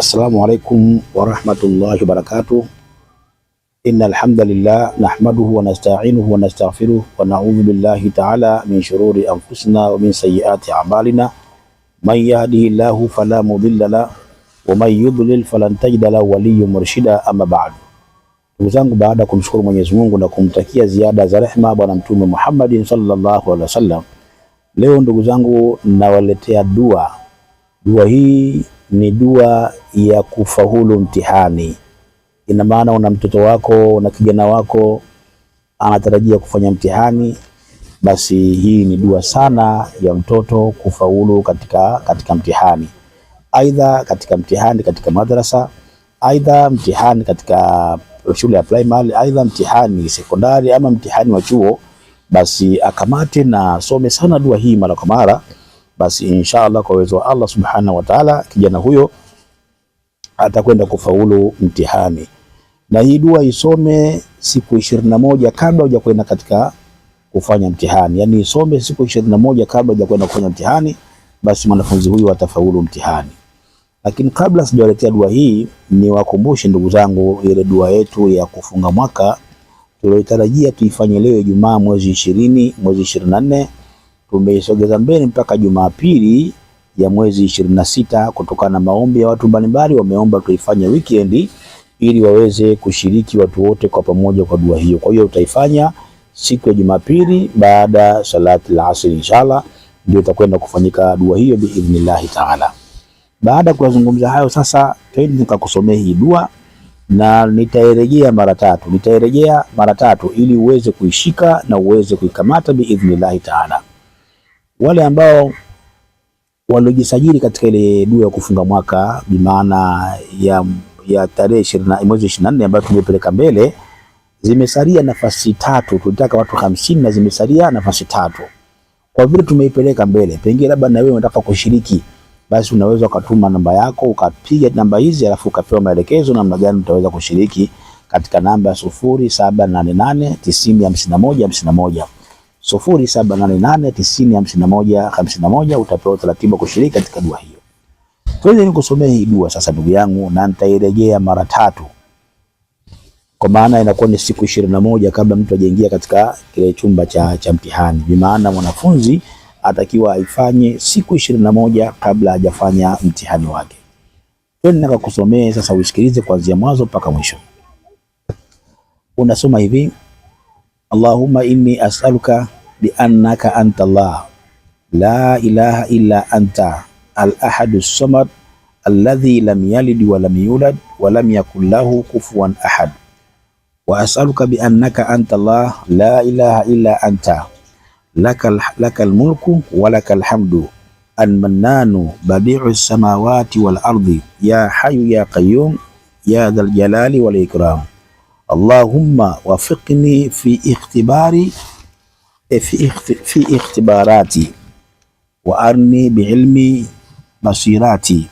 Assalamu alaikum warahmatullahi wabarakatuh. Inna alhamdulillah nahmaduhu wa nasta'inuhu wa nastaghfiruh wa na'udhu billahi ta'ala min shururi anfusina wa min sayyiati a'malina man yahdihillahu fala mudilla la wa man yudlil falan tajida la waliyya murshida amma ba'du. Ndugu zangu, baada ya kumshukuru Mwenyezi Mungu na kumtakia ziada za rehema bwana Mtume Muhammadin sallallahu alaihi wasallam, leo ndugu zangu nawaletea dua Dua hii ni dua ya kufaulu mtihani. Ina maana una mtoto wako na kijana wako anatarajia kufanya mtihani, basi hii ni dua sana ya mtoto kufaulu katika, katika mtihani, aidha katika mtihani katika madrasa, aidha mtihani katika shule ya primary, aidha mtihani sekondari ama mtihani wa chuo, basi akamate na some sana dua hii mara kwa mara basi inshallah kwa uwezo wa Allah subhanahu wa ta'ala, kijana huyo atakwenda kufaulu mtihani. Na hii dua isome siku ishirini na moja kabla hujakwenda katika kufanya mtihani, yani isome siku ishirini na moja kabla hujakwenda kufanya mtihani, basi mwanafunzi huyu atafaulu mtihani. Lakini kabla sijawaletea dua hii, ni wakumbushe ndugu zangu ile dua yetu ya kufunga mwaka tuliotarajia tuifanye leo Ijumaa, mwezi ishirini mwezi ishirini na nne tumeisogeza mbele mpaka Jumapili ya mwezi ishirini na sita kutokana na maombi ya watu mbalimbali, wameomba tuifanye weekend ili waweze kushiriki watu wote kwa pamoja kwa dua hiyo. Kwa hiyo utaifanya siku ya Jumapili baada ya salati la asri, inshallah ndio itakwenda kufanyika dua hiyo biidhnillahi taala. Baada ya kuyazungumza hayo, sasa twende nikakusomea hii dua na nitairejea mara tatu, nitairejea mara tatu ili uweze kuishika na uweze kuikamata biidhnillahi taala wale ambao waliojisajili katika ile dua ya kufunga mwaka bimaana ya, ya tarehe mwezi ishirini na nne ambayo tumepeleka mbele, zimesalia nafasi tatu. Tulitaka watu hamsini na zimesalia nafasi tatu. Kwa vile tumeipeleka mbele, pengine labda na wewe unataka kushiriki, basi unaweza ukatuma namba yako ukapiga namba hizi, alafu ukapewa maelekezo namna gani utaweza kushiriki katika namba ya sufuri saba nane nane tisini hamsini na moja hamsini na moja sufuri saba nane nane tisini hamsini hamsini na na moja moja. utapewa utaratibu wa kushiriki katika dua hiyo. Tuweze nikusomea hii dua sasa ndugu yangu, na nitairejea mara tatu, kwa maana inakuwa ni siku ishirini na moja kabla mtu ajaingia katika kile chumba cha, cha mtihani. Bimaana mwanafunzi atakiwa aifanye siku ishirini na moja kabla hajafanya mtihani wake. Twende nikakusomee sasa, usikilize kuanzia mwanzo mpaka mwisho. Unasoma hivi اللهم إني أسألك بأنك أنت الله لا إله إلا أنت الأحد الصمد الذي لم يلد ولم يولد ولم يكن له كفوا أحد وأسألك بأنك أنت الله لا إله إلا أنت لك, لك الملك ولك الحمد المنان بديع السماوات والأرض يا حي يا قيوم يا ذا الجلال والإكرام اللهم وفقني في اختباري في في اختباراتي وأرني بعلمي بصيراتي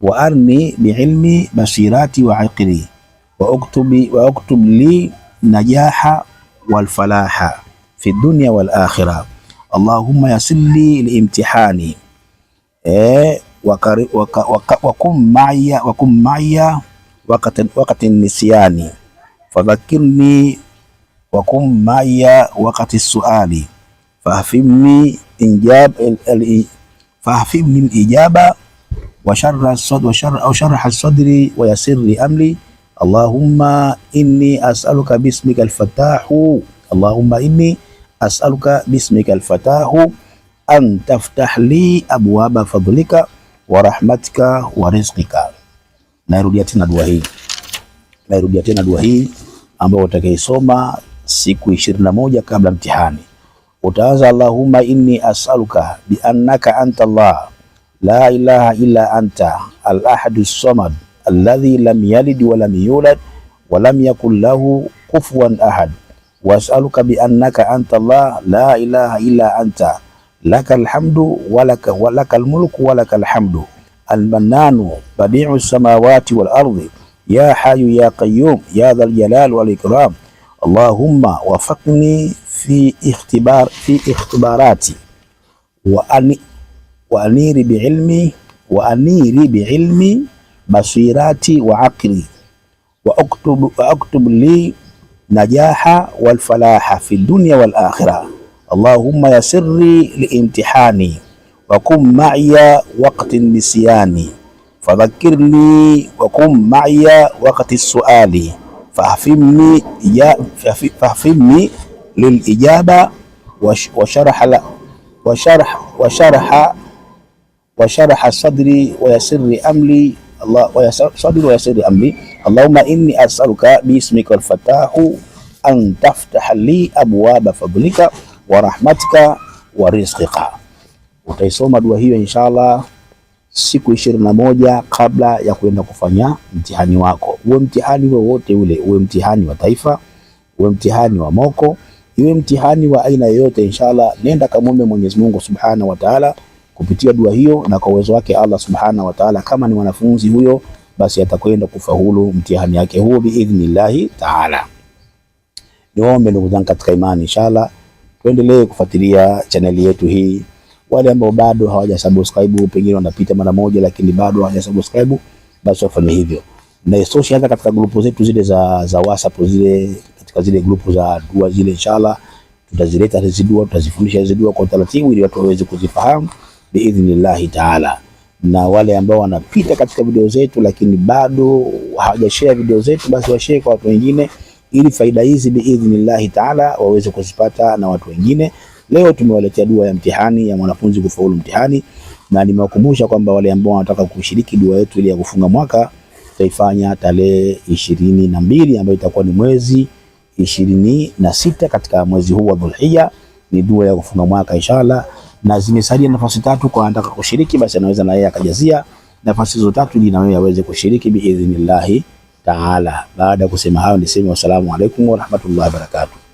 وأرني بعلمي بصيراتي وعقلي وأكتب وأكتب لي نجاح والفلاح في الدنيا والآخرة اللهم يسر لي الامتحان إيه وكن معي وكن معي وقت وقت النسيان fadhakirni wakum maya wakati suali fahfimni lijaba wa sharha sadri wa yasirli amri allahumma inni as'aluka bismika alfatahu allahumma inni as'aluka bismika alfatahu an taftah li abwaba fadlika wa rahmatika wa rizqika. Nairudia tena dua hii, nairudia tena dua hii ambao utakaisoma siku ishirini na moja kabla mtihani. Utaanza Allahumma inni as'aluka bi annaka anta Allah la ilaha illa anta al-ahadu samad alladhi lam yalid wa lam yulad wa lam yakul lahu kufuwan ahad was'aluka bi annaka anta Allah la ilaha illa anta lakal hamdu wa lakal mulku wa lakal hamdu badi'u samawati wal ardi يا حي يا قيوم يا ذا الجلال والإكرام اللهم وفقني في اختبار في اختباراتي وأني وأنيري بعلمي وأنيري بعلمي بصيراتي وعقلي وأكتب وأكتب لي نجاح والفلاح في الدنيا والآخرة اللهم يسري لامتحاني وكن معي وقت نسياني فذكرني وكن وقم معي وقت السؤال فهفمني يا للإجابة وشرح لا وشرح وشرح وشرح صدري ويسر أملي الله ويسر صدري ويسر أملي اللهم إني أسألك باسمك الفتاح أن تفتح لي أبواب فضلك ورحمتك ورزقك utaisoma dua hiyo inshallah siku ishirini na moja kabla ya kwenda kufanya mtihani wako, uwe mtihani wowote ule, uwe mtihani wa taifa, uwe mtihani wa moko, iwe mtihani wa aina yoyote, inshallah, nenda kamwombe Mwenyezi Mungu Subhanahu wa Ta'ala kupitia dua hiyo na kwa uwezo wake Allah Subhanahu wa Ta'ala, kama ni mwanafunzi huyo, basi atakwenda kufaulu mtihani yake huo biidhnillahi Ta'ala. Niombe ndugu zangu katika imani, inshallah tuendelee kufuatilia chaneli yetu hii wale ambao bado hawaja subscribe, pengine wanapita mara moja, lakini bado hawaja subscribe, basi wafanye hivyo, na isitoshe hata katika grupu zetu zile za, za WhatsApp zile, katika zile grupu za dua zile, inshallah tutazileta hizi dua, tutazifundisha hizi dua kwa utaratibu, ili watu waweze kuzifahamu biidhnillahi taala na wale ambao wanapita katika video zetu lakini bado hawajashare video zetu, basi washare kwa watu wengine, ili faida hizi biidhnillahi taala waweze kuzipata na watu wengine. Leo tumewaletea dua ya mtihani ya mwanafunzi kufaulu mtihani, na nimewakumbusha kwamba wale ambao wanataka kushiriki dua yetu ile ya kufunga mwaka tutaifanya tarehe ishirini na mbili ambayo itakuwa ni mwezi ishirini na sita katika mwezi huu wa Dhulhija. Ni dua ya kufunga mwaka inshallah, na zimesalia nafasi tatu, kwa anataka kushiriki basi anaweza na yeye akajazia nafasi hizo tatu, ili na yeye aweze kushiriki biidhnillahi taala. Baada ya kusema hayo, niseme wassalamu alaikum warahmatullahi wabarakatuh.